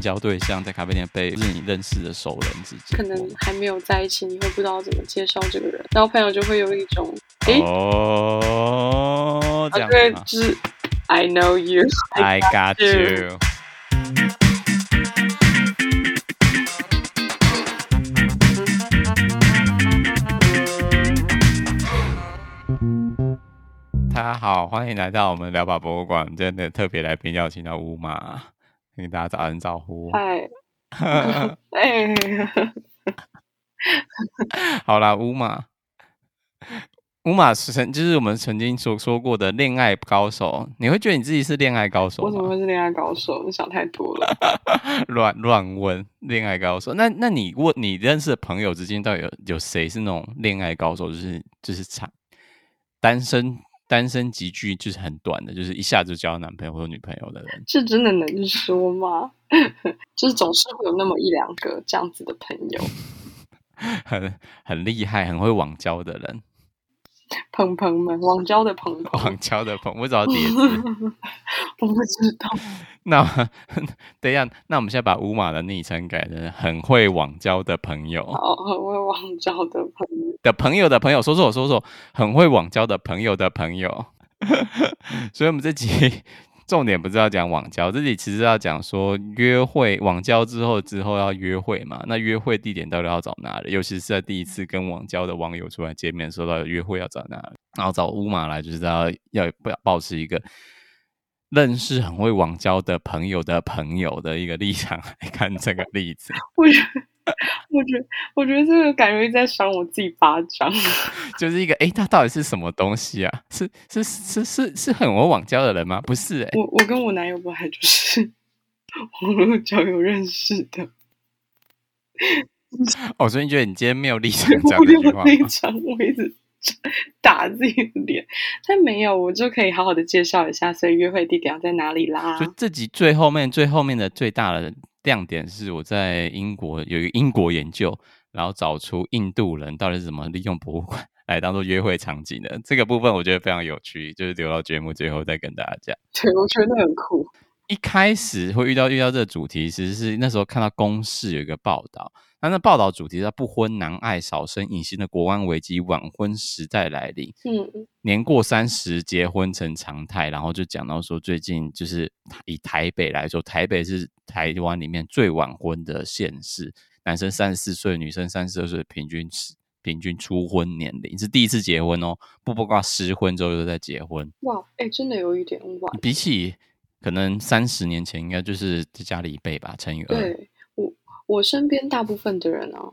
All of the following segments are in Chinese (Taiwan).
交對象在咖啡店被你認識的熟人之間，嗯，可能還沒有在一起，你會不知道怎麼介紹這個人，然後朋友就會有一種，哎、欸、哦，oh, 啊、這樣子，I know you，I got you。got 大家好，歡迎來到我們聊吧博物館，真的特別來賓邀請到烏馬。給大家打聲招呼。哎， 哎， 好啦，烏馬，烏馬是就是我們曾經所說、說過的戀愛高手。你會覺得你自己是戀愛、愛高手嗎？我怎麼會是戀愛高手？你想太多了，亂亂問戀愛高手。那那你問你認識的朋友之間，到底有有誰是那種戀愛高手？就是就是慘單身。單身集聚就是很短的，就是一下子交男朋友或女朋友的人，是真的能說嗎？就是總是會有那麼一兩個這樣子的朋友， 很很厲害，很會網交的人。朋朋們，網交的朋友，網交的朋友，我知道點，我不知道。 那 等一下，那我們現在把五馬的昵稱改成很會網交的朋友，哦，很會網交的朋友。的朋友的朋友，說說說說，很會網交的朋友的朋友， 所以我們這集重點不是要講網交，這裡其實要講說約會網交之後之後要約會嘛？那約會地點到底要找哪裡？尤其是在第一次跟網交的網友出來見面，說到約會要找哪裡？然後找烏馬來，就是要要保持一個認識很會網交的朋友的朋友的一個立場來看這個例子。 我覺得，我覺得這個感覺在扇我自己巴掌，就是一個哎、欸，他到底是什麼東西啊？是是是是是很我網交的人嗎？不是、欸，我我跟我男友不還就是網路交友認識的。我最近覺得你今天沒有立 場講這句話，場我一直打自己的臉， 但沒有，我就可以好好的介紹一下，所以約會地點要在哪裡啦？就自己最後面，最後面的最大的人。亮點是我在英國有一個英國研究，然後找出印度人到底是怎麼利用博物館來當做約會場景的。這個部分我覺得非常有趣，就是留到節目最後再跟大家講。對，我覺得真的很酷。一開始會遇到遇到這個主題，其實是那時候看到公視有一個報道。那那報道主題是不婚難愛少生隱形的國安危機晚婚時代來臨，嗯，年過三十結婚成常態，然後就講到說最近就是以台北來說，台北是台灣裡面最晚婚的縣市，男生三十四歲，女生三十二歲，平均平均初婚年齡是第一次結婚哦、喔，不不包括失婚之後又再結婚。哇，哎、欸，真的有一點晚，比起可能三十年前應該就是加了一倍吧，乘以二。對我身邊大部分的人哦、啊，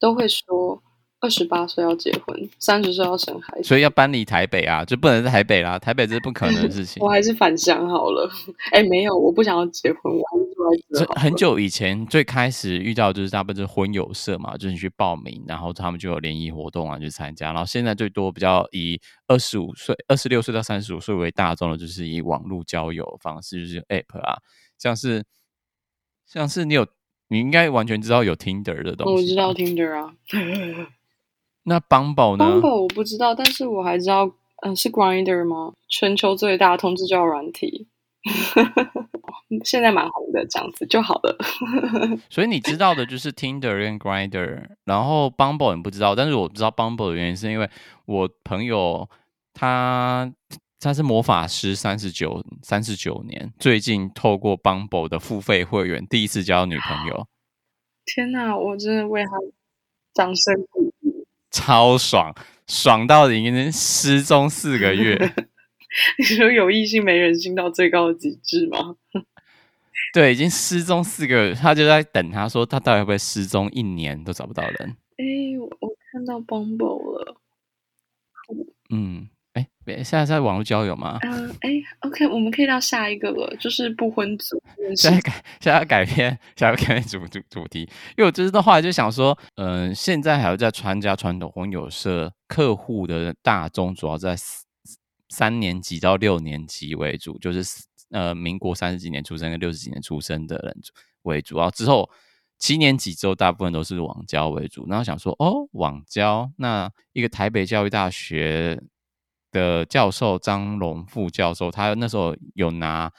都會說二十八歲要結婚，三十歲要生孩子，所以要搬離台北啊，就不能在台北啦，台北這是不可能的事情。 我還是返鄉好了。哎、欸，沒有，我不想要結婚，我還是很久以前最開始遇到的就是大部分是婚友社嘛，就是你去報名，然後他們就有聯誼活動啊去參加，然後現在最多比較以二十五歲、二十六歲到三十五歲為大眾的，就是以網絡交友方式，就是 App 啊，像是像是你有。你應該完全知道有 Tinder 的東西，我知道 Tinder 啊。那 Bumble 呢？Bumble 我不知道，但是我還知道，嗯、呃，是 Grinder 嗎？全球最大同志交友軟體， 現在蠻紅的，這樣子就好了。 所以你知道的就是 Tinder 跟 Grinder，然後 Bumble 你不知道，但是我知道 Bumble 的原因是因為我朋友他。他是魔法師，三十九三十九年，最近透過 Bumble 的付費會員，第一次交女朋友。天哪、啊，我真的為他掌聲鼓勵，超爽，爽到已經失蹤四個月。 你說有異性沒人性到最高極致嗎？ 對，已經失蹤四個月，他就在等。他說他到底會不會失蹤一年都找不到人？哎、欸，我我看到 Bumble 了，嗯。哎、欸，現在在網路交友嗎？嗯、呃，哎、欸、OK，我們可以到下一個了，就是不婚族。現在改，現在要改變，想要改變組主主題，因為我這次的話就想說，嗯、呃，現在還要在傳傳有在參加傳統婚友社客戶的大眾，主要在三三年級到六年級為主，就是呃，民國三十幾年出生跟六十幾年出生的人為主，啊，之後七年級之後大部分都是網交為主。然後想說，哦，網交，那一個台北教育大學，的教授張龍副教授，他那時候有拿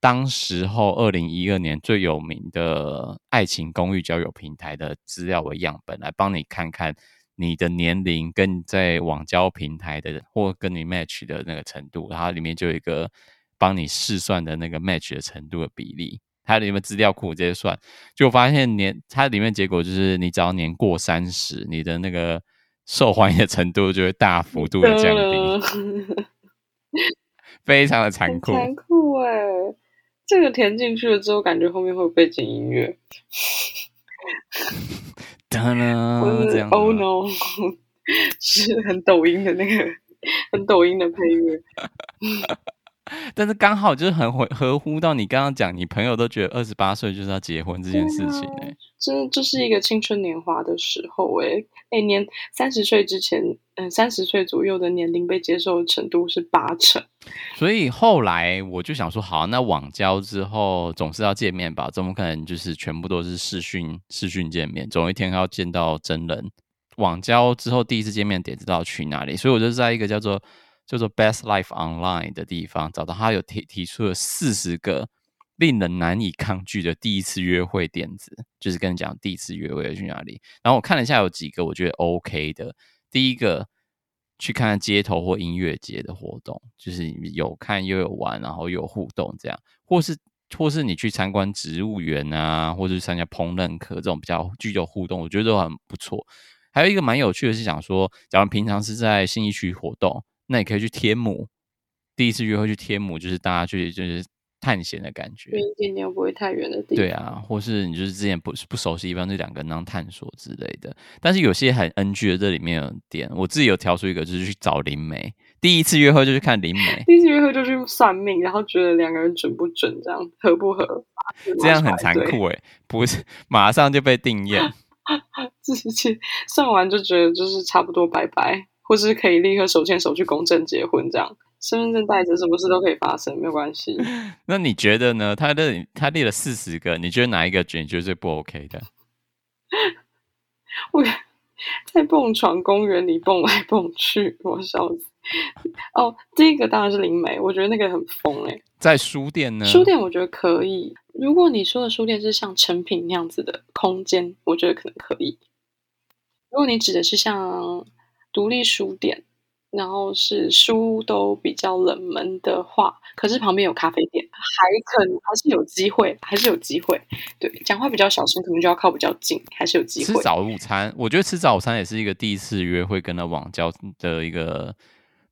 當時候二零一二年最有名的愛情公寓交友平台的資料為樣本，來幫你看看你的年齡跟在網交平台的或跟你 match 的那個程度，然後他裡面就有一個幫你試算的那個 match 的程度的比例，它裡面資料庫直接算，就發現年它裡面結果就是你只要年過三十，你的那個。受歡迎的程度就會大幅度的降低，嗯、非常的殘酷。殘酷哎、欸，這個填進去了之後，感覺後面會有背景音樂。噠啦噠，不是這樣，Oh no，是很抖音的那個，很抖音的配樂。 但是剛好就是很合乎，合乎到你剛剛講，你朋友都覺得二十八歲就是要結婚這件事情哎、欸，這這、啊、是一個青春年華的時候哎、欸，那、欸、年三十歲之前，嗯三十歲左右的年齡被接受的程度是八成，所以後來我就想說，好、啊、那網交之後總是要見面吧，怎麼可能就是全部都是視訊視訊，見面，總有一天要見到真人。網交之後第一次見面點知道去哪裡，所以我就在一個叫做。叫做 Best Life Online 的地方，找到他有提提出了四十個令人難以抗拒的第一次約會點子，就是跟你講第一次約會要去哪裡。然後我看了一下，有幾個我覺得 OK 的。第一個去看看街頭或音樂節的活動，就是有看又有玩，然後有互動這樣；或是或是你去參觀植物園啊，或者參加烹飪課這種比較具有互動，我覺得都很不錯。還有一個蠻有趣的，是想說，假如平常是在信義區活動。那你可以去天母，第一次約會去天母，就是大家去就是探險的感覺，遠一點點又不會太遠的地方。對啊，或是你就是之前不是不熟悉，一般就兩個人當探索之類的。但是有些很 NG 的這裡面有點，我自己有挑出一個，就是去找靈媒。第一次約會就去看靈媒，第一次約會就去算命，然後覺得兩個人準不準，這樣合不合，這樣很殘酷哎、欸， 不是馬上就被定讞， 自己算完就覺得就是差不多拜拜。或是可以立刻手牽手去公證結婚，這樣身份證帶着，什麼事都可以發生，沒有關係。 那你覺得呢？他的他立了四十個，你覺得哪一個你覺得最不 OK 的？我 在蹦床公園裡蹦來蹦去，我笑死。哦、oh，第一個當然是靈媒，我覺得那個很瘋欸。在書店呢？書店我覺得可以。如果你說的書店是像成品那樣子的空間，我覺得可能可以。如果你指的是像……獨立書店，然後是書都比較冷門的話，可是旁邊有咖啡店，還可能，還是有機會，還是有機會。對，講話比較小心，可能就要靠比較近，還是有機會。吃早午餐，我覺得吃早餐也是一個第一次約會跟那網交的一個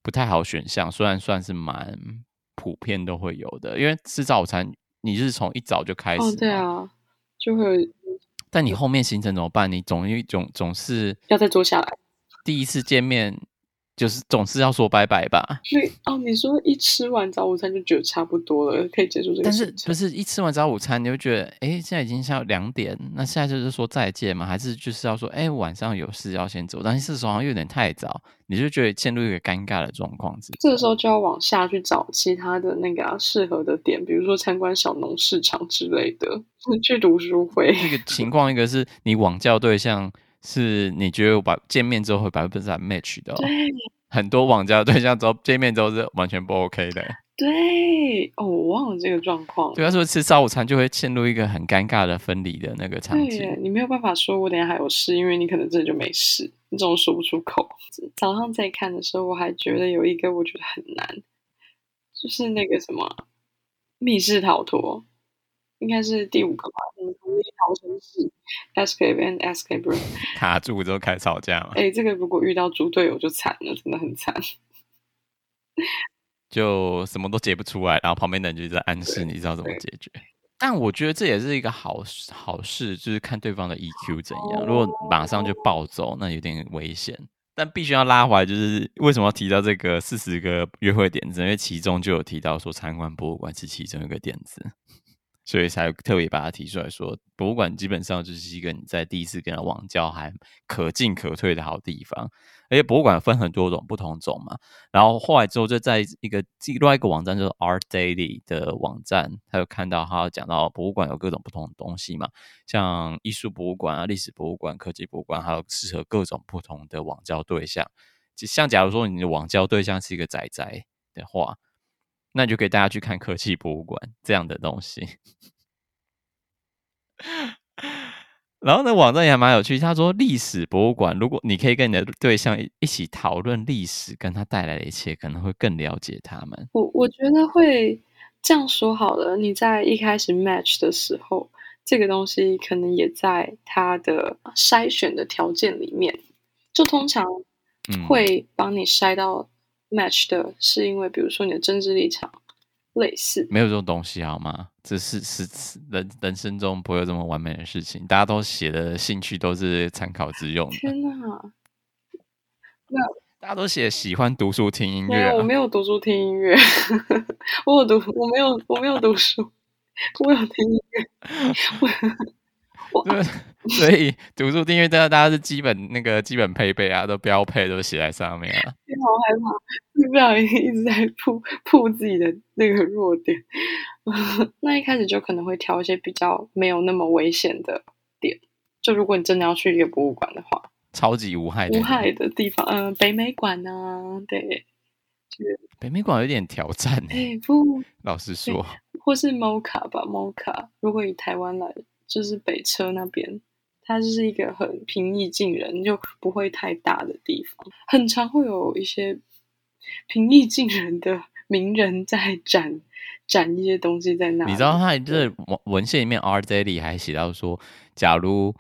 不太好選項，雖然算是蠻普遍都會有的，因為吃早餐你就是從一早就開始。哦，對啊，就會有。但你後面行程怎麼辦？你總一種總，總是要再坐下來。第一次見面，就是總是要說拜拜吧。所以哦，你說一吃完早午餐就覺得差不多了，可以結束這個事情。但是不是一吃完早午餐你就覺得，哎、欸，現在已經下午兩點，那現在就是說再見嘛？還是就是要說，哎、欸，晚上有事要先走？但是這時候好像又有點太早，你就覺得陷入一個尷尬的狀況。這個時候就要往下去找其他的那個適、啊、合的點，比如說參觀小農市場之類的，去讀書會。 這個情況，一個是你網交對象。是你覺得我把見面之後會百分之百 match 的哦？對很多網交對象之後見面之後是完全不 OK 的。對，哦，我忘了這個狀況。對，他說吃早午餐就會陷入一個很尷尬的分離的那個場景。對，你沒有辦法說，我等下還有事，因為你可能真的就沒事，你這種說不出口。早上在看的時候，我還覺得有一個我覺得很難，就是那個什麼密室逃脫。應該是第五個吧，從一條城市 escape and escape 不是卡住之後開始吵架嗎？哎、欸，這個如果遇到豬隊友就慘了，真的很慘，就什麼都解不出來，然後旁邊的人就在暗示你知道怎麼解決。但我覺得這也是一個好好事，就是看對方的 EQ 怎樣。哦、如果馬上就暴走，那有點危險。但必須要拉回來，就是為什麼要提到這個四十個約會點子？因為其中就有提到說參觀博物館是其中一個點子。所以才特別把它提出來說，博物館基本上就是一個你在第一次跟他網交還可進可退的好地方。而且博物館分很多種不同種嘛，然後後來之後就在一個另外一個網站，就是 Art Daily 的網站，他就看到他講到博物館有各種不同的東西嘛，像藝術博物館啊、歷史博物館、科技博物館，還有適合各種不同的網交對象。就像假如說你的網交對象是一個宅宅的話。那就可以帶大家去看科技博物館這樣的東西。 然後呢，網站也還蠻有趣。他說，歷史博物館，如果你可以跟你的對象一起討論歷史，跟他帶來的一切，可能會更了解他們。我我覺得會這樣說好了。你在一開始 match 的時候，這個東西可能也在他的篩選的條件裡面，就通常會幫你篩到。match 的是因為，比如說你的政治立場類似，沒有這種東西好嗎？這是是人人生中不會有這麼完美的事情。大家都寫的興趣都是參考之用。天啊，那大家都寫喜歡讀書、聽音樂啊。我沒有讀書、聽音樂。 我有讀，我沒有，我沒有讀書， 我有聽音樂。 對 所以讀書訂閱這樣，大家是基本那個基本配備啊，都標配，都寫在上面了、啊。好害怕，你不要一直在鋪曝自己的那個弱點。 那一開始就可能會挑一些比較沒有那麼危險的點。就如果你真的要去一個博物館的話，超級無害、無害的地方，嗯、呃，北美館啊，對，北美館有點挑戰。哎、欸，不，老實說，欸、或是 MOCA 吧，MOCA，如果以台灣來。就是北車那邊，它就是一個很平易近人，就不會太大的地方。很常會有一些平易近人的名人，在展展一些東西在那裡。你知道，他這文文獻裡面，R Daily 還寫到說，假如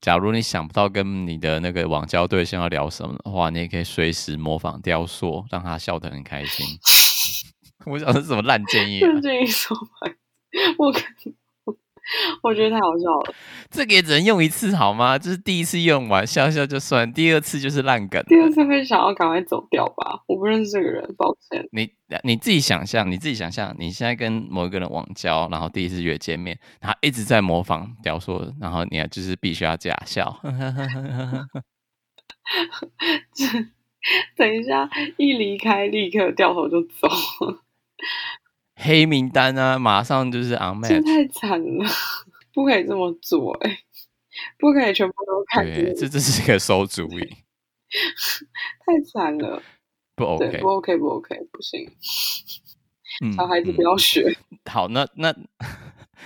假如你想不到跟你的那個網交對象要聊什麼的話，你也可以隨時模仿雕塑，讓他笑得很開心。 我想這是什麼爛建議、啊？ 爛建議我看。我覺得太好笑了，這個也只能用一次好嗎？就是第一次用完笑笑就算，第二次就是爛梗。第二次會想要趕快走掉吧？我不認識這個人，抱歉。你你自己想象，你自己想象，你現在跟某一個人網交，然後第一次約見面，他一直在模仿雕塑，然後你還就是必須要假笑。 等一下，一離開立刻掉頭就走。黑名單啊，馬上就是 unmatch，太慘了，不可以這麼做，欸，不可以全部都看對。這這是一個餿主意， 太慘了不 OK 對，不 OK，不 OK，不 OK，不行，嗯、小孩子不要學。好，那那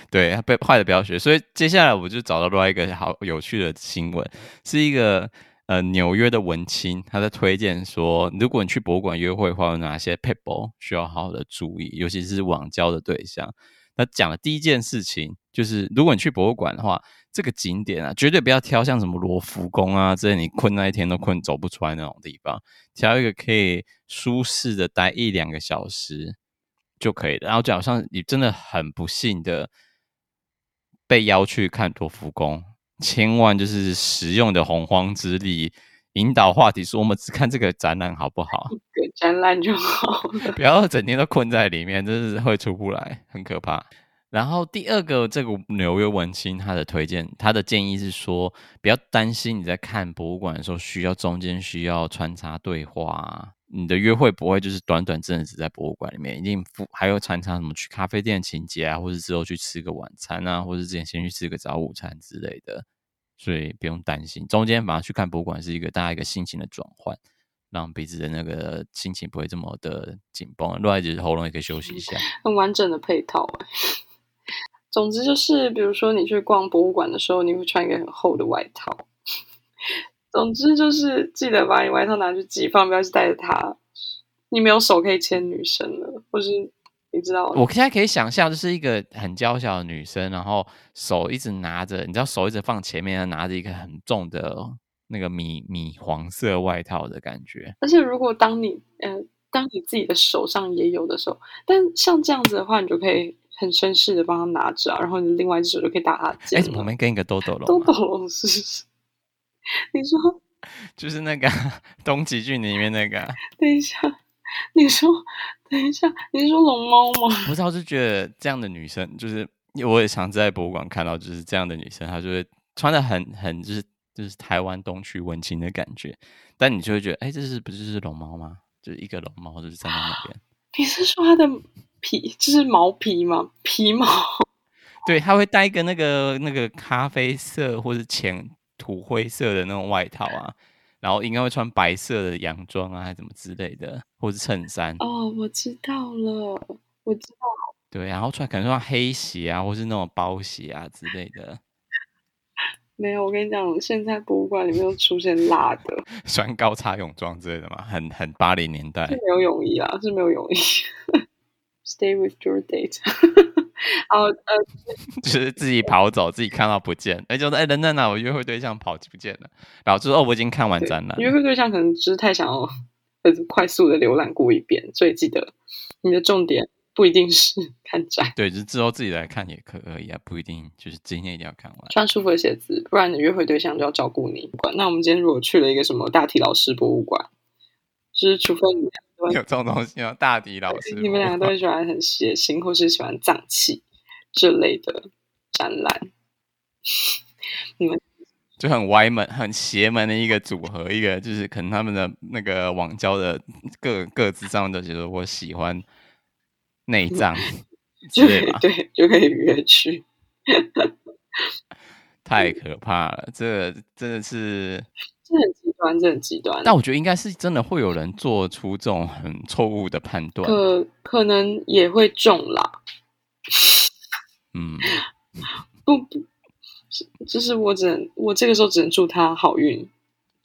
對被壞的不要學，所以接下來我就找到另外一個好有趣的新聞，是一個。呃，紐約的文青他在推薦說，如果你去博物館約會的話，有哪些 pitfall 需要好好的注意，尤其是網交的對象。那講的第一件事情就是，如果你去博物館的話，這個景點啊，絕對不要挑像什麼羅浮宮啊這些，你困那一天都困走不出來那種地方，挑一個可以舒適的待一兩個小時就可以了。然後就好像你真的很不幸的被邀去看羅浮宮。千萬就是實用的洪荒之力，引導話題說我們只看這個展覽好不好？一個展覽就好，不要整天都困在裡面，真、就是會出不來，很可怕。然後第二個，這個紐約文青他的推薦，他的建議是說，不要擔心你在看博物館的時候需要中間需要穿插對話。你的約會不會就是短短一陣子在博物館裡面，一定不還有常常什麼去咖啡店情節啊，或是之後去吃個晚餐啊，或是之前先去吃個早午餐之類的，所以不用擔心。中間反而去看博物館是一個大家一個心情的轉換，讓彼此的那個心情不會這麼的緊繃，另外就是喉嚨也可以休息一下，嗯，很完整的配套。 總之就是，比如說你去逛博物館的時候，你會穿一個很厚的外套。總之就是記得把你外套拿去寄放，不要去帶着它。你沒有手可以牽女生的，或是你知道？我現在可以想象，就是一個很嬌小的女生，然後手一直拿着，你知道手一直放前面，拿着一個很重的那個米米黃色外套的感覺。但是如果當你呃，當你自己的手上也有的時候，但像這樣子的話，你就可以很紳士的幫他拿着，然後你另外一只手就可以打他哎、欸，怎麼旁邊跟一個兜兜龍？兜兜龍是是。你說，就是那個東、啊、極郡裡面那個、啊。等一下，你說，等一下，你是說龍貓嗎？不是，我就覺得這樣的女生，就是我也常在博物館看到，就是這樣的女生，她就會穿的很很，很就是就是台灣東區文青的感覺。但你就會覺得，哎，這是不是就是龍貓嗎？就是一個龍貓，就是在那邊。你是說它的皮，就是毛皮嗎？皮毛。對，它會戴一個那個那個咖啡色或者淺。土灰色的那種外套啊，然後應該會穿白色的洋裝啊，還怎麼之類的，或是襯衫。哦，我知道了，我知道。對啊，然後穿可能穿黑鞋啊，或是那種包鞋啊之類的。沒有，我跟你講，現在博物館裡面又出現辣的，穿 高叉泳裝之類的嘛，很很八零年代。是沒有泳衣啊，是沒有泳衣。 Stay with your date。 然後呃，oh, uh, 就是自己跑走， 自己看到不見，哎、欸，就是誒，等、欸、等哪，我約會對象跑不見了，然後就是哦，我已經看完展了。約會對象可能只是太想要快速的瀏覽過一遍，所以記得你的重點不一定是看展，對，就是之後自己來看也可以啊，不一定就是今天一定要看完。穿舒服的鞋子，不然你約會對象就要照顧你。不管，那我們今天如果去了一個什麼大體老師博物館，就是除非你。有這種東西嗎？大迪老師，你們兩個都喜歡很血腥，或是喜歡髒器之類的展覽？ 你們就很歪門、很邪門的一個組合， 一個就是可能他們的那個網交的各各自上的就是我喜歡內臟，對 以吧？對，就可以約去。 太可怕了，這真的是。 真的很完整極端，但我覺得應該是真的會有人做出這種很錯誤的判斷，可可能也會中啦。 嗯，不，就是我只能，我這個時候只能祝他好運，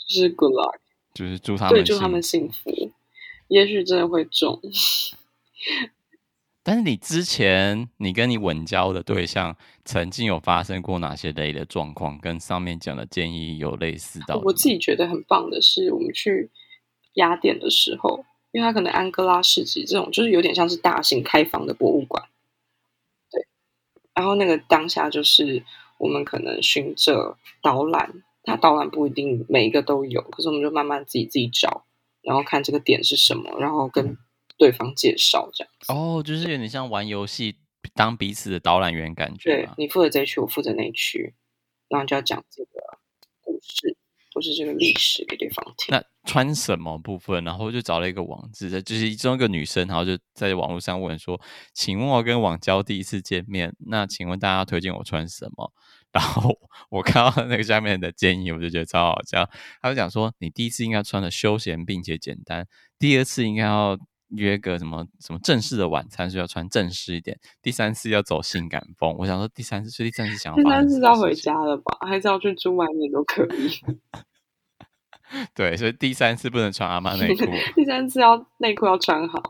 就是 good luck，就是祝他們，對，祝他們幸福。也許真的會中。 但是你之前，你跟你網交的對象曾經有發生過哪些類的狀況，跟上面講的建議有類似到底？我自己覺得很棒的是，我們去雅典的時候，因為它可能安哥拉市集這種，就是有點像是大型開放的博物館，對。然後那個當下就是，我們可能循着導覽，它導覽不一定每一個都有，可是我們就慢慢自己自己找，然後看這個點是什麼，然後跟。對方介紹這樣哦，oh, 就是有點像玩遊戲，當彼此的導覽員感覺。對，你負責這一區，我負責那一區，然後就要講這個故事或者是這個歷史給對方聽。那穿什麼部分？然後就找了一個網址，的，就是其中一個女生，然後就在網絡上問說：“請問我跟網交第一次見面，那請問大家推薦我穿什麼？”然後我看到那個下面的建議，我就覺得超好笑。他就講說：“你第一次應該穿的休閒並且簡單，第二次應該要。”約個什麼什麼正式的晚餐，所以要穿正式一點。第三次要走性感風，我想說第三次，所以第三次想第三次要回家了吧？還是要去住外面都可以。 對，所以第三次不能穿阿媽內褲。 第三次要內褲要穿好。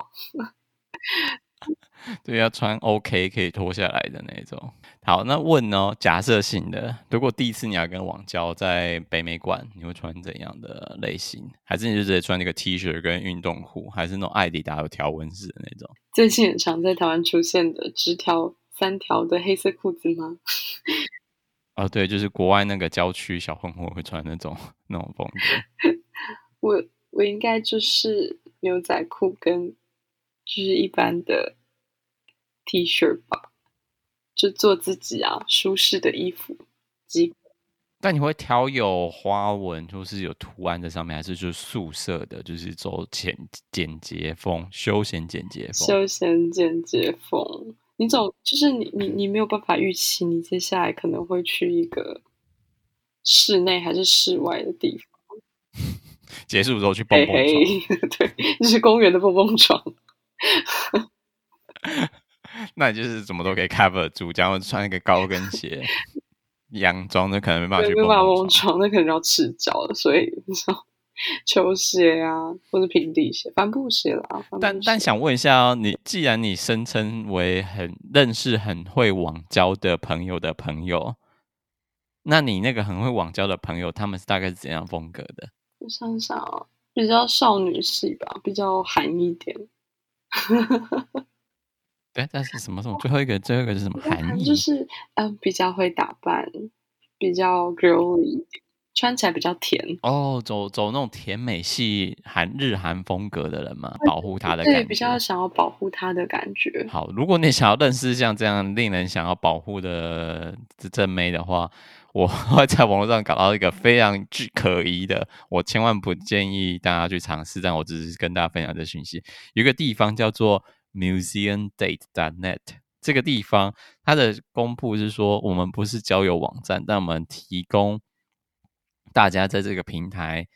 對，要穿 OK 可以脫下來的那一種。好，那問哦，假設性的，如果第一次你要跟網交在北美館，你會穿怎樣的類型？還是你就直接穿那個 T 恤跟運動褲？還是那種愛迪達有條紋式的那種？最近很常在台灣出現的直條三條的黑色褲子嗎？哦，對，就是國外那個郊區小混混會穿那種那種風格。我我應該就是牛仔褲跟就是一般的 T 恤吧。就做自己啊，舒適的衣服。但你會挑有花紋，或是有圖案在上面，還是就素色的？就是走簡簡潔風，休閒簡潔風，休閒簡潔風。你總就是你你你沒有辦法預期你接下來可能會去一個室內還是室外的地方。 結束之後去蹦蹦床，對，就是公園的蹦蹦床。那你就是怎麼都可以 cover 住，然後穿一個高跟鞋， 洋裝的可能沒辦法去碰。對，沒辦法蹦床，那可能要赤腳了，所以你知道球鞋啊，或者平底鞋、帆布鞋啦。鞋但但想問一下哦，你既然你聲稱為很認識很會網交的朋友的朋友，那你那個很會網交的朋友，他們是大概是怎樣風格的？我想想哦，比較少女系吧，比較韓一點。 哎，這是什麼什麼？最後一個，最後一個是什麼含義？就是意嗯，比較會打扮，比較 girly，穿起來比較甜。哦，走走那種甜美系韓日韓風格的人嘛，對保護他的感覺對，比較想要保護他的感覺。好，如果你想要認識像這樣令人想要保護的正妹的話，我會在網絡上搞到一個非常具可疑的，我千萬不建議大家去嘗試。但我只是跟大家分享這訊息，有一個地方叫做。museumdate.net 這個地方，它的公布是說，我們不是交友網站，但我們提供大家在這個平台，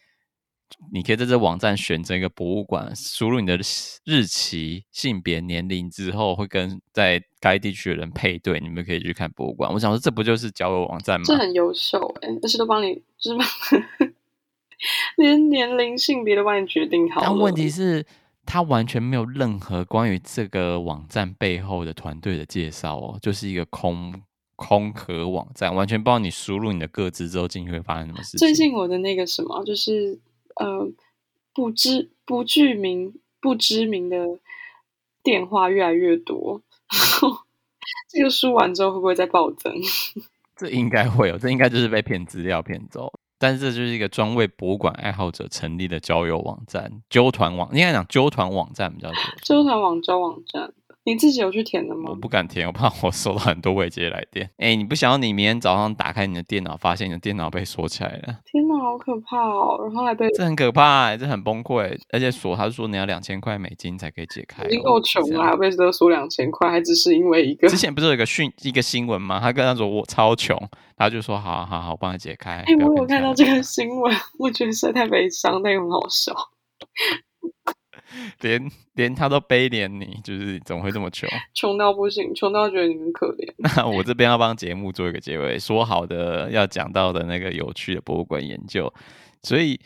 你可以在這個網站選擇一個博物館，輸入你的日期、性別、年齡之後，會跟在該地區的人配對，你們可以去看博物館。我想說，這不就是交友網站嗎？這很優秀哎、欸，這些都幫你，就是 連年齡、性別都幫你決定好。但問題是。他完全沒有任何關於這個網站背後的團隊的介紹哦，就是一個空空殼網站，完全不知道你輸入你的個資之後進去會發生什麼事情。最近我的那個什麼，就是呃，不知、不具名、不知名的電話越來越多， 然後這個輸完之後會不會再暴增？這應該會有。哦，這應該就是被騙資料騙走。但是這就是一個專為博物館愛好者成立的交友網站，揪團網，應該講揪團網站比較多，揪團網交網站。你自己有去填的嗎？我不敢填，我怕我收到很多未接來電。哎、欸，你不想要？你明天早上打開你的電腦，發現你的電腦被鎖起來了。天吶，好可怕哦、喔！然後還被這很可怕、欸，這很崩潰、欸，而且鎖，他說你要兩千塊美金才可以解開、啊。已經夠窮了，還被說輸兩千塊，還只是因為一個。之前不是有一個訊一個新聞嗎？他跟他說我超窮，然後就說好啊好好、啊，我幫你解開。哎、欸，我有看到這個新聞，我覺得實在太悲傷，但又很好笑。 連連他都悲憐你，就是怎麼會這麼窮？窮到不行，窮到覺得你很可憐。那我這邊要幫節目做一個結尾，說好的要講到的那個有趣的博物館研究，所以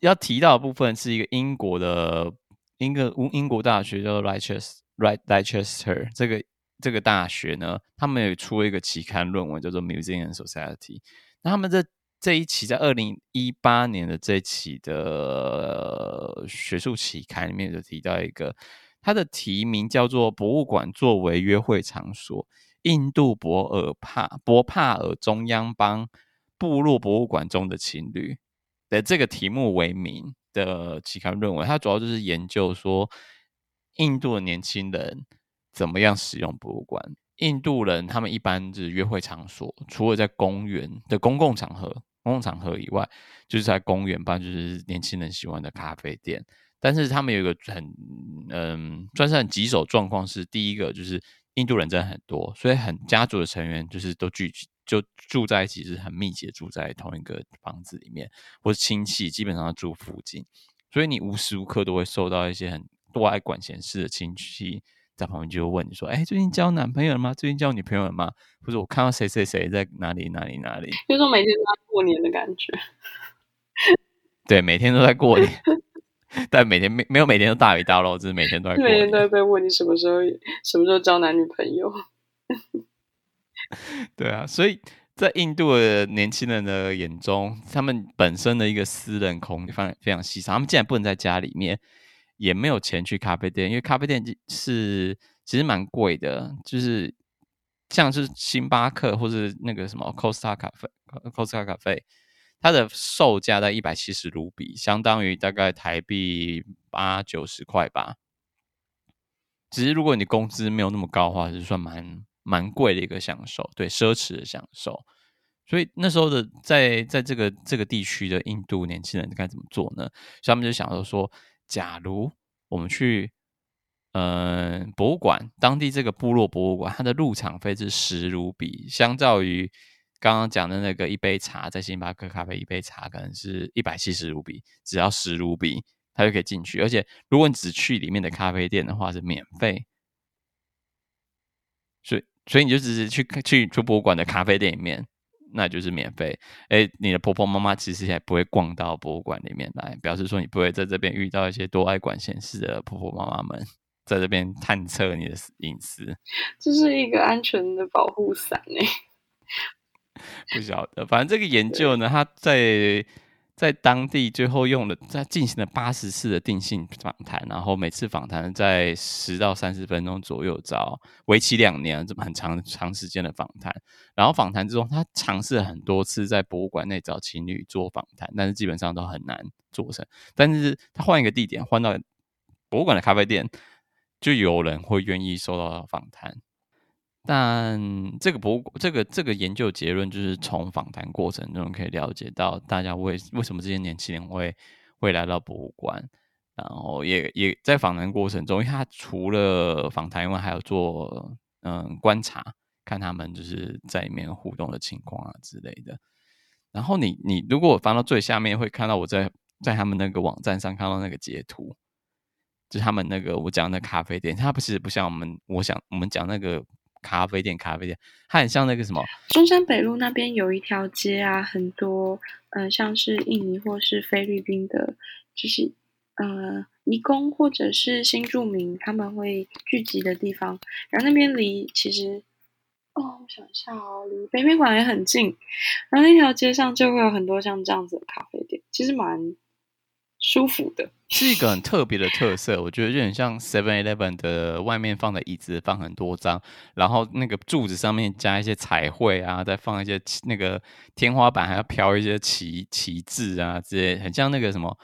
要提到的部分是一個英國的英個英英國大學，叫做 Leicester，Leicester 這個這個大學呢，他們有出一個期刊論文，叫做 Museum and Society，那他們在。這一期在二零一八年的這一期的學術期刊裡面就提到一個，它的題名叫做《博物館作為約會場所：印度博爾帕博帕爾中央邦部落博物館中的情侶》的這個題目為名的期刊論文，它主要就是研究說印度的年輕人怎麼樣使用博物館。印度人他們一般就是約會場所，除了在公園的公共場合。公共場合以外，就是在公園，辦就是年輕人喜歡的咖啡店。但是他們有一個很，嗯、呃，算是很棘手狀況是，第一個就是印度人真的很多，所以很家族的成員就是都聚集，就住在一起是很密集住在同一個房子裡面，或者親戚基本上住附近，所以你無時無刻都會受到一些很多愛管閒事的親戚。在旁邊就會問你說：“哎、欸，最近交男朋友了嗎？最近交女朋友了嗎？或者我看到誰誰誰在哪裡哪裡哪裡？”就是每天都在過年的感覺。對，每天都在過年，但每天沒沒有每天都大魚大肉，只是每天都在過年。每天都在被問你什麼時候什麼時候交男女朋友。 對啊，所以在印度的年輕人的眼中，他們本身的一個私人空間非常非常稀少，他們竟然不能在家裡面。也沒有錢去咖啡店，因為咖啡店是其實蠻貴的，就是像是星巴克或是那個什麼 Costa 咖啡。Costa 咖啡它的售價在一百七十盧比，相當於大概台幣八九十塊吧。只是如果你工資沒有那麼高的話，就算蠻蠻貴的一個享受，對奢侈的享受。所以那時候的在在這個這個地區的印度年輕人該怎麼做呢？所以他們就想說。假如我們去，呃，博物館，當地這個部落博物館，它的入場費是十盧比，相較於剛剛講的那個一杯茶，在星巴克咖啡一杯茶可能是一百七十盧比，只要十盧比，它就可以進去。而且，如果你只去裡面的咖啡店的話，是免費，所以，所以你就只是去去出博物館的咖啡店裡面。那就是免費。哎、欸，你的婆婆媽媽其實也不會逛到博物館裡面來，表示說你不會在這邊遇到一些多愛管閒事的婆婆媽媽們，在這邊探測你的隱私。這是一個安全的保護傘、欸，哎，不曉得。反正這個研究呢，對它在。在當地最後用了，他進行了八十次的定性訪談，然後每次訪談在十到三十分鐘左右找，找為期兩年這麼很長長時間的訪談。然後訪談之中，他嘗試了很多次在博物館內找情侶做訪談，但是基本上都很難做成。但是他換一個地點，換到博物館的咖啡店，就有人會願意收到訪談。但這個博物，這個這個研究結論就是從訪談過程中可以了解到，大家為為什麼這些年輕人會會來到博物館，然後也也在訪談過程中，因為他除了訪談外，還有做嗯觀察，看他們就是在裡面互動的情況啊之類的。然後你你如果我翻到最下面，會看到我在在他們那個網站上看到那個截圖，就是他們那個我講的咖啡店，它其實不像我們我想我們講那個。咖啡店，咖啡店，它很像那個什麼？中山北路那邊有一條街啊，很多嗯、呃，像是印尼或是菲律賓的，就是嗯，移、呃、工或者是新住民他們會聚集的地方。然後那邊離其實哦，我想一下哦，離北麵館也很近。然後那條街上就會有很多像這樣子的咖啡店，其實蠻舒服的，是一個很特別的特色，我覺得就很像 Seven Eleven 的外面放的椅子，放很多張，然後那個柱子上面加一些彩繪啊，再放一些，那個天花板還要飄一些旗旗幟啊，之類，很像那個什麼。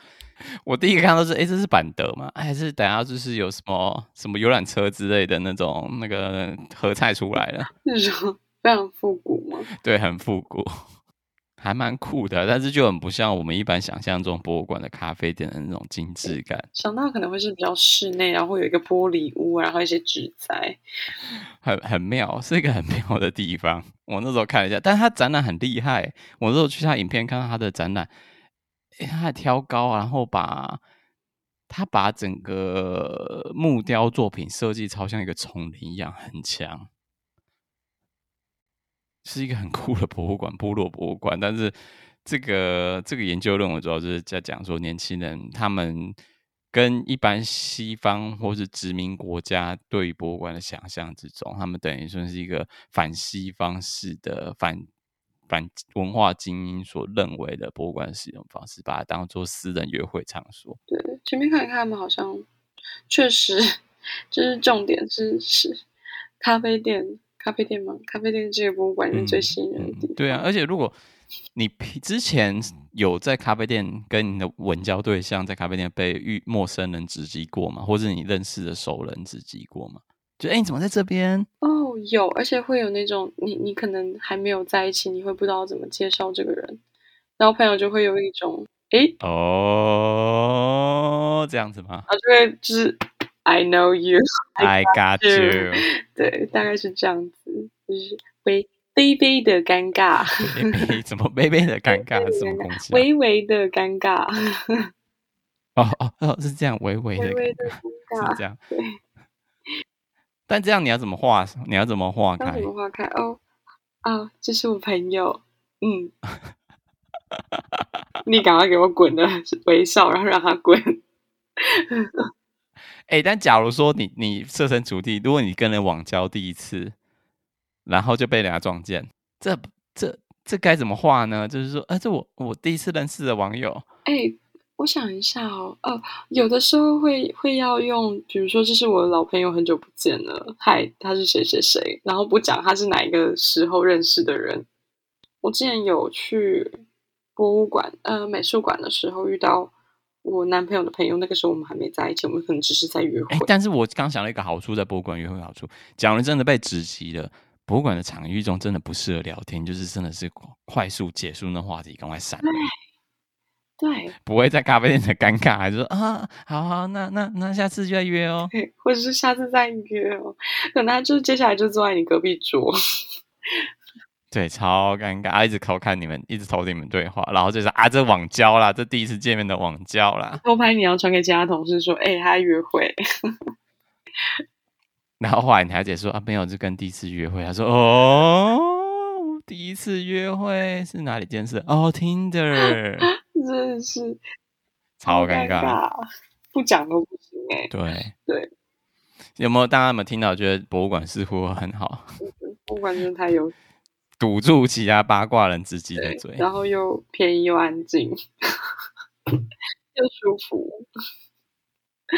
我第一個看到是，哎，這是板德嗎？還是等下就是有什麼什麼遊覽車之類的那種那個合菜出來的。那種，非常復古嗎？對，很復古。還蠻酷的，但是就很不像我們一般想象中博物館的咖啡店的那種精緻感。想到可能會是比較室內，然後會有一個玻璃屋，然後一些植栽，很很妙，是一個很妙的地方。我那時候看一下，但是他展覽很厲害。我那時候去他影片，看到他的展覽，欸，他還挑高啊，然後把，他把整個木雕作品設計超像一個叢林一樣，很強。是一個很酷的博物館，部落博物館。但是，這個這個研究論文主要就是在講說，年輕人他們跟一般西方或是殖民國家對博物館的想象之中，他們等於算是一個反西方式的反、反反文化精英所認為的博物館使用方式，把它當做私人約會場所。對，前面看一看有有，他們好像確實，就是重點，是是咖啡店。咖啡店嗎？咖啡店是這個博物館是、嗯、最吸引人的。對啊，而且如果你之前有在咖啡店跟你的網交對象在咖啡店被遇陌生人直擊過嗎？或者你認識的熟人直擊過嗎？就哎、欸，你怎麼在這邊？哦，有，而且會有那種你你可能還沒有在一起，你會不知道怎麼介紹這個人，然後朋友就會有一種哎、欸、哦這樣子嗎？他就會就是 I know you, I got you，, I got you. 對，大概是這樣子。就是微卑微的尷尬，怎麼卑微的尷尬？卑卑尷尬什麼東西、啊？微微的尷尬，哦哦哦，是這樣，微微的尷尬，這樣對但這樣你要怎麼化？你要怎麼化開？怎麼化開？哦啊、哦，這是我朋友，嗯， 你趕快給我滾的微笑，然後讓他滾。哎 、欸，但假如說你你設身處地，如果你跟人網交第一次。然後就被人家撞見，這這這該怎麼畫呢？就是說，哎、呃，這我我第一次認識的網友，哎，我想一下哦，呃，有的時候會會要用，比如說，這是我的老朋友，很久不見了，嗨，他是誰誰誰，然後不講他是哪一個時候認識的人。我之前有去博物館，呃，美術館的時候遇到我男朋友的朋友，那個時候我們還沒在一起，我們可能只是在約會。但是我剛想了一個好處，在博物館約會好處，講的真的被直擊了。博物館的場域中真的不適合聊天，就是真的是快速結束那話題閃了，趕快閃。對，不會在咖啡店的尷尬，還是說啊，好好，那那那下次再約哦，或者是下次再約哦。可能他就是接下來就坐在你隔壁桌，對，超尷尬，啊、一直偷看你們，一直偷聽你們對話，然後就說啊，這網交啦，這第一次見面的網交啦。偷拍你要傳給其他同事說，哎、欸，他約會。 然後華你小姐說：“啊，沒有，就跟第一次約會。”她說：“哦，第一次約會是哪裡件事？哦，Tinder，是超尷尬，尷尬，不講都不行哎。”對對，對有沒有大家有沒有聽到？覺得博物館似乎很好，博物館真的太有 堵住其他八卦人自己的嘴，然後又便宜又安靜 又舒服。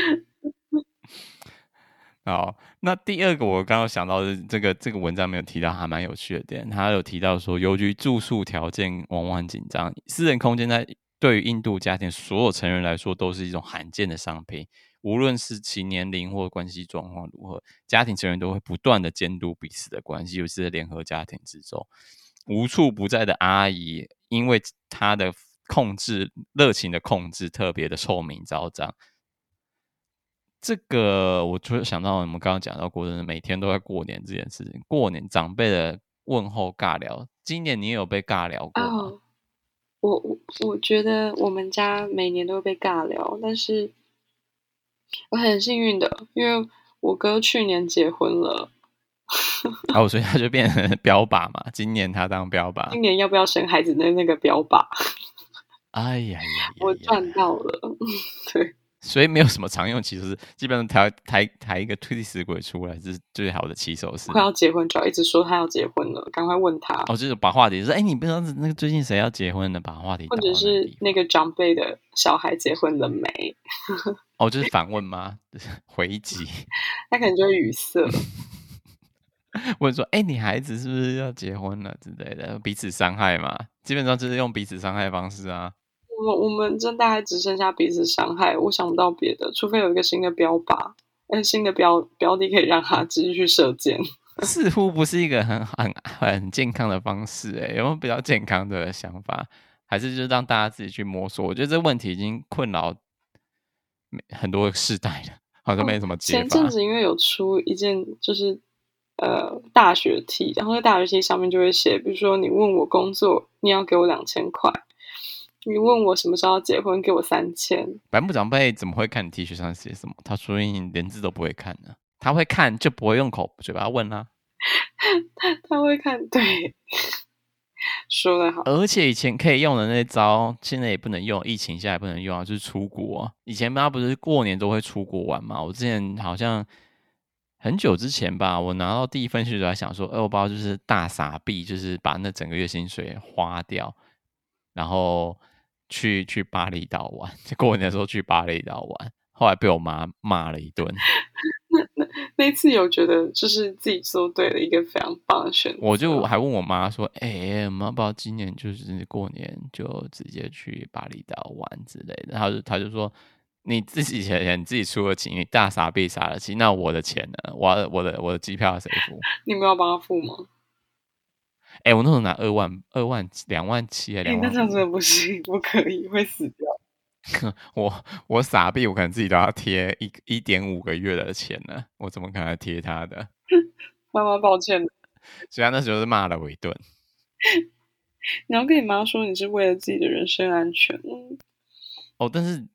好，那第二個我剛剛想到的，這個這個文章沒有提到，還蠻有趣的點，他有提到說，由於住宿條件往往緊張，私人空間在對於印度家庭所有成人來說都是一種罕見的商品。無論是其年齡或關係狀況如何，家庭成員都會不斷地監督彼此的關係，尤其是聯合家庭之中，無處不在的阿姨，因為她的控制熱情的控制，特別的臭名昭彰。這個我突然想到，我們剛剛講到過，真的每天都在過年這件事情。過年長輩的問候尬聊，今年你有被尬聊過嗎？哦、我我我覺得我們家每年都會被尬聊，但是我很幸運的，因為我哥去年結婚了，啊、 哦，所以他就變成標靶嘛。今年他當標靶，今年要不要生孩子的那個標靶？ 哎呀呀，呀，呀，我賺到了，對。所以沒有什麼常用起手式，基本上抬抬抬一個推死鬼出來，這是最好的起手式。快要結婚就要一直說他要結婚了，趕快問他。哦，就是把話題說、就是，哎、欸，你不知道那個最近誰要結婚了？把話題。或者是那個長輩的小孩結婚了沒？哦，就是反問嗎？ 回擊。他可能就是語塞。問 說，哎、欸，你孩子是不是要結婚了之類的？彼此傷害嘛，基本上就是用彼此傷害的方式啊。我我們真大概只剩下彼此傷害，我想不到別的，除非有一個新的標靶，但是、呃、新的標標的可以讓他繼續射箭，似乎不是一個很很很健康的方式、欸，哎，有沒有比較健康的想法？還是就是讓大家自己去摸索？我覺得這問題已經困擾很多世代了，好像沒什麼解法、嗯、前陣子因為有出一件就是呃大學題，然後在大學題上面就會寫，比如說你問我工作，你要給我兩千塊。你問我什麼時候要結婚，給我三千。白目長輩怎麼會看你 T 恤上寫什麼？他說你連字都不會看呢、啊。他會看就不會用口嘴巴問啦、啊。 他他會看，對， 說得好。而且以前可以用的那招，現在也不能用。疫情下也不能用啊，就是出國、啊。以前媽不是過年都會出國玩嘛？我之前好像很久之前吧，我拿到第一份薪水，還想說，哎、欸，我包就是大傻逼，就是把那整個月薪水花掉，然後。去去巴厘島玩，過年的時候去巴厘島玩，後來被我媽罵了一頓。那那那次有覺得就是自己做對了一個非常棒的選擇，我就還問我媽說：“哎、欸，媽，不知道今年就是過年就直接去巴厘島玩之類的。”然後她就她就說：“你自己錢你自己出得起，你大傻逼傻了？那我的錢呢？我我的我的機票誰付？你沒要幫他付嗎？”哎、欸，我那時候拿二萬、二萬七、兩萬七、啊，哎、欸，那這樣真的不行，不可以，會死掉。 我我撒幣，我可能自己都要貼一一點五個月的錢呢，我怎麼可能貼他的？媽媽，抱歉了。雖然那時候是罵了我一頓，你要跟你媽說，你是為了自己的人身安全。哦，但是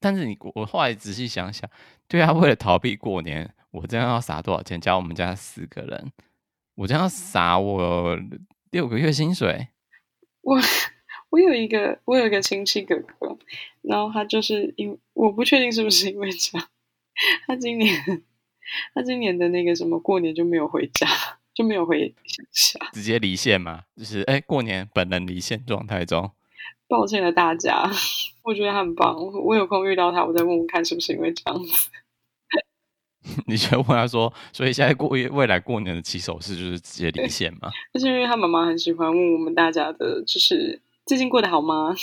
但是你我後來仔細想想，對啊，為了逃避過年，我這樣要撒多少錢？加我們家四個人。我這樣撒我六個月薪水。我我有一個我有一個親戚哥哥，然後他就是因我不確定是不是因為這樣，他今年他今年的那個什麼過年就沒有回家，就沒有回鄉下，直接離線嘛，就是哎、欸、過年本人離線狀態中。抱歉了大家，我覺得他很棒，我我有空遇到他，我再問問看是不是因為這樣子。 你就接問他說，所以現在過未來過年的起手式就是直接離線嗎？那 是因為他媽媽很喜歡問我們大家的，就是最近過得好嗎？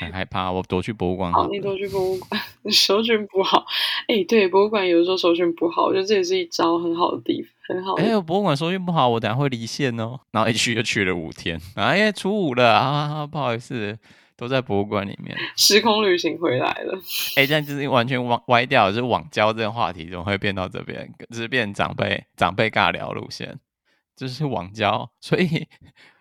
很 害怕，我躲去博物館。你躲去博物館， 收訊不好。哎、欸，對，博物館有的時候收訊不好，我覺得這也是一招很好的地方，很好。哎、欸，博物館收訊不好，我等下會離線哦。然後一去就去了五天，啊，因、欸、為初五了啊，不好意思。都在博物館裡面，時空旅行回來了。哎、欸，但就是完全歪歪掉，就是網交這個話題怎麼會變到這邊，就是變長輩長輩尬聊路線，就是網交。所以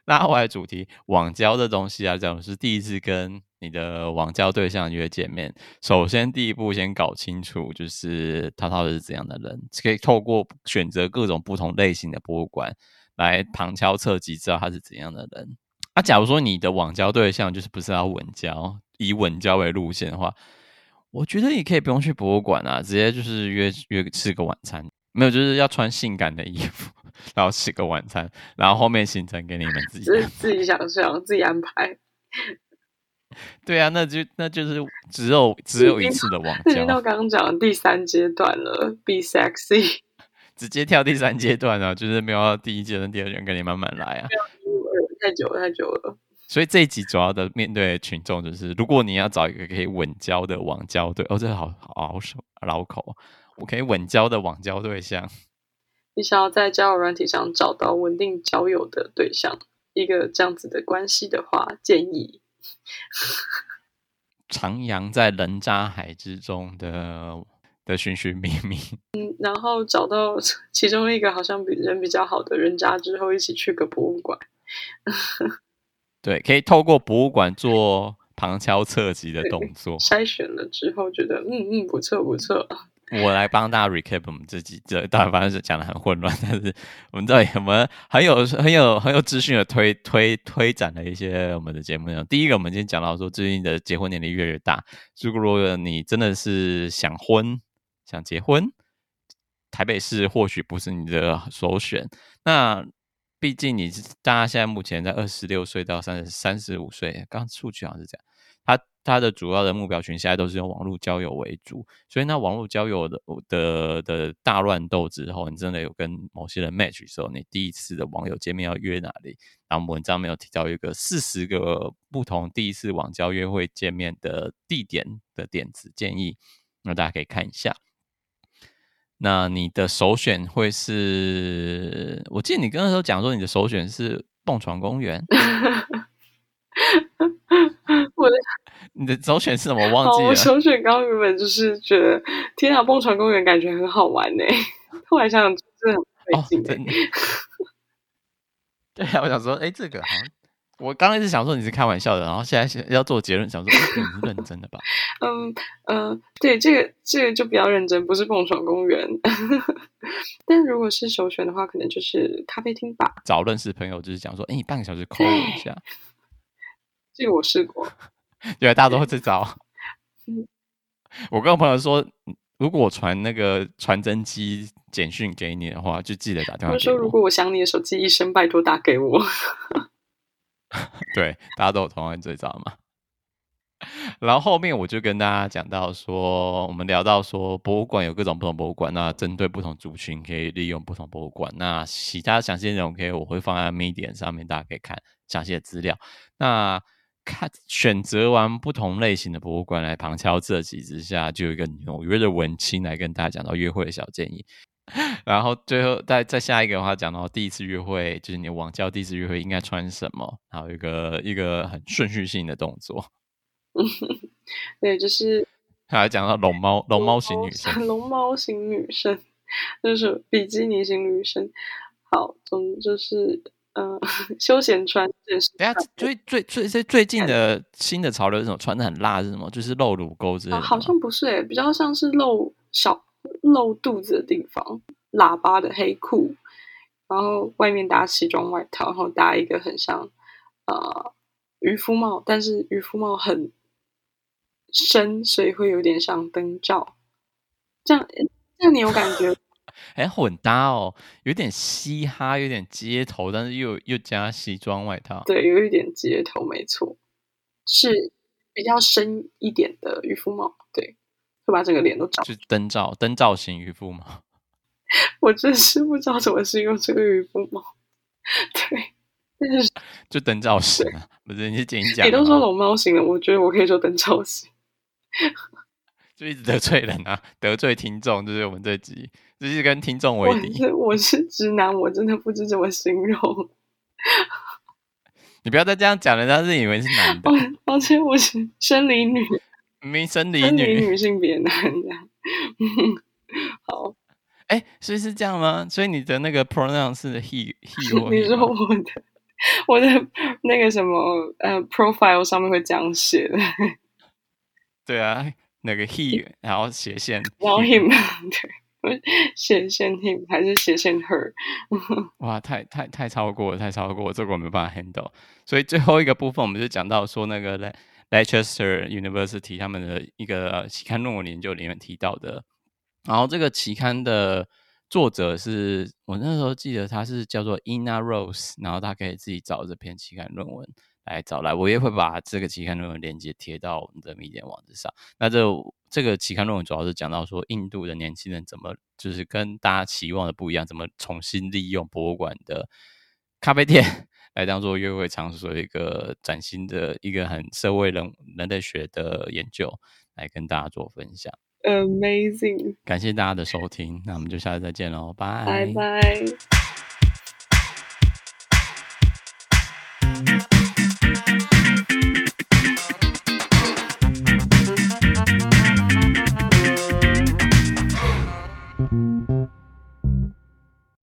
拉回來主題，網交的東西啊，講的是第一次跟你的網交對象約見面，首先第一步先搞清楚，就是他他是怎樣的人，可以透過選擇各種不同類型的博物館來旁敲側擊，知道他是怎樣的人。那、啊、假如說你的網交對象就是不是要穩交，以穩交為路線的話，我覺得你可以不用去博物館啊，直接就是約約吃個晚餐，沒有就是要穿性感的衣服，然後吃個晚餐，然後後面行程給你們自己自己想象自己安排。對啊，那就那就是只有只有一次的網交，聽到，聽到剛剛講的第三階段了，Be sexy，直接跳第三階段了，啊，就是沒有第一階段、第二階段，你慢慢來啊。太久了，太久了。所以這一集主要的面對的群眾就是，如果你要找一個可以穩交的網交對，哦，這好老熟老口，我可以穩交的網交對象。你想要在交友軟體上找到穩定交友的對象，一個這樣子的關係的話，建議。 徜徉在人渣海之中的的尋尋覓覓，嗯，然後找到其中一個好像比人比較好的人渣之後，一起去個博物館。 對，可以透過博物館做旁敲側擊的動作，篩選了之後覺得，嗯嗯，不錯不錯。我來幫大家 recap 我們自己。這，當然反正是講得很混亂，但是我們到底我們很有很有很有資訊的推推推展了一些我們的節目。第一個，我們今天講到說，最近的結婚年齡越來越大，如果你真的是想婚想結婚，台北市或許不是你的首選。那畢竟你大家現在目前在二十六歲到三十三十五歲，剛剛數據好像是這樣。他他的主要的目標群現在都是用網絡交友為主，所以那網絡交友的的的大亂鬥之後，你真的有跟某些人 match 的時候，你第一次的網友見面要約哪裡？然後文章沒有提到一個四十個不同第一次網交約會見面的地點的點子建議，那大家可以看一下。那你的首選會是？我記得你剛剛都講說你的首選是蹦床公園。 我的，你的首選是什麼？忘記了。我首選剛原本就是覺得，天啊，蹦床公園感覺很好玩呢、欸。我還想就是很、欸哦、真的。 對呀、啊，我想說，哎，這個好、啊。我剛開始想說你是開玩笑的，然後現在要做結論，想說你是認真的吧？嗯嗯、呃，對，這個這個就比較認真，不是蹦床公園。 但如果是首選的話，可能就是咖啡廳吧。找認識朋友就是想說，哎、欸，你半個小時 call 我一下。這個我試過，對， 大家都會這招。我跟我朋友說，如果我傳那個傳真機簡訊給你的話，就記得打電話給我。我說，如果我想你的手機，一聲拜託打給我。 對，大家都有同樣的早嘛。然後後面我就跟大家講到說，我們聊到說博物館有各種不同博物館，那針對不同族群可以利用不同博物館。那其他詳細內容可以我會放在 medium 上面，大家可以看詳細的資料。那看選擇完不同類型的博物館來旁敲側擊之下，就有一個紐約的文青來跟大家講到約會的小建議。然後最後再再下一個的話講到第一次約會，就是你網交第一次約會應該穿什麼？還有一個一個很順序性的動作，嗯，對，就是還講到龍貓龍貓，龍貓型女生，龍貓型女生就是比基尼型女生，好，總就是嗯、呃、休閒穿。等下最最最最，最近的、嗯、新的潮流是什麼？穿的很辣是什麼？就是露乳溝之類的？好像不是誒，比較像是露小。露肚子的地方，喇叭的黑褲，然後外面搭西裝外套，然後搭一個很像、呃、漁夫帽，但是漁夫帽很深，所以會有點像燈罩。這樣，這樣你有感覺？哎，混搭哦，有點嘻哈，有點街頭，但是又又加西裝外套，對，有一點街頭，沒錯，是比較深一點的漁夫帽，對。就把整個臉都照，就燈罩燈罩型漁夫帽。我真是不知道怎麼形容這個漁夫帽。對，那是就燈罩型，是不是你是金甲？你都說龍貓型了，我覺得我可以說燈罩型。就一直得罪人啊，得罪聽眾，就是我們這集，就是跟聽眾為敵。我是我是直男，我真的不知怎麼形容。你不要再這樣講了，人家是你以為是男的。抱歉，我是生理女。沒生理女，女性別男，嗯哼， 好，哎、欸，所以是這樣嗎？所以你的那個 pronoun 是 he he 我，你是說我的，哦、我的那個什麼呃、uh, profile 上面會這樣寫的。 對啊，那個 he，然後斜線，然後 him，對，斜線 him 還是斜線 her？ 哇，太太太超過了，太超過了，這個我沒辦法 handle。所以最後一個部分我們就講到說那個嘞。Leicester University 他們的一個期刊論文研究裡面提到的，然後這個期刊的作者是我那時候記得他是叫做 Ina Rose，然後他可以自己找這篇期刊論文來找來，我也會把這個期刊論文鏈接貼到我們的 Medium 網誌上。那這個、這個期刊論文主要是講到說印度的年輕人怎麼就是跟大家期望的不一樣，怎麼重新利用博物館的咖啡店，來當做約會場所一個嶄新的一個很社會人人類學的研究來跟大家做分享，Amazing！感謝大家的收聽，那我們就下次再見咯，拜拜。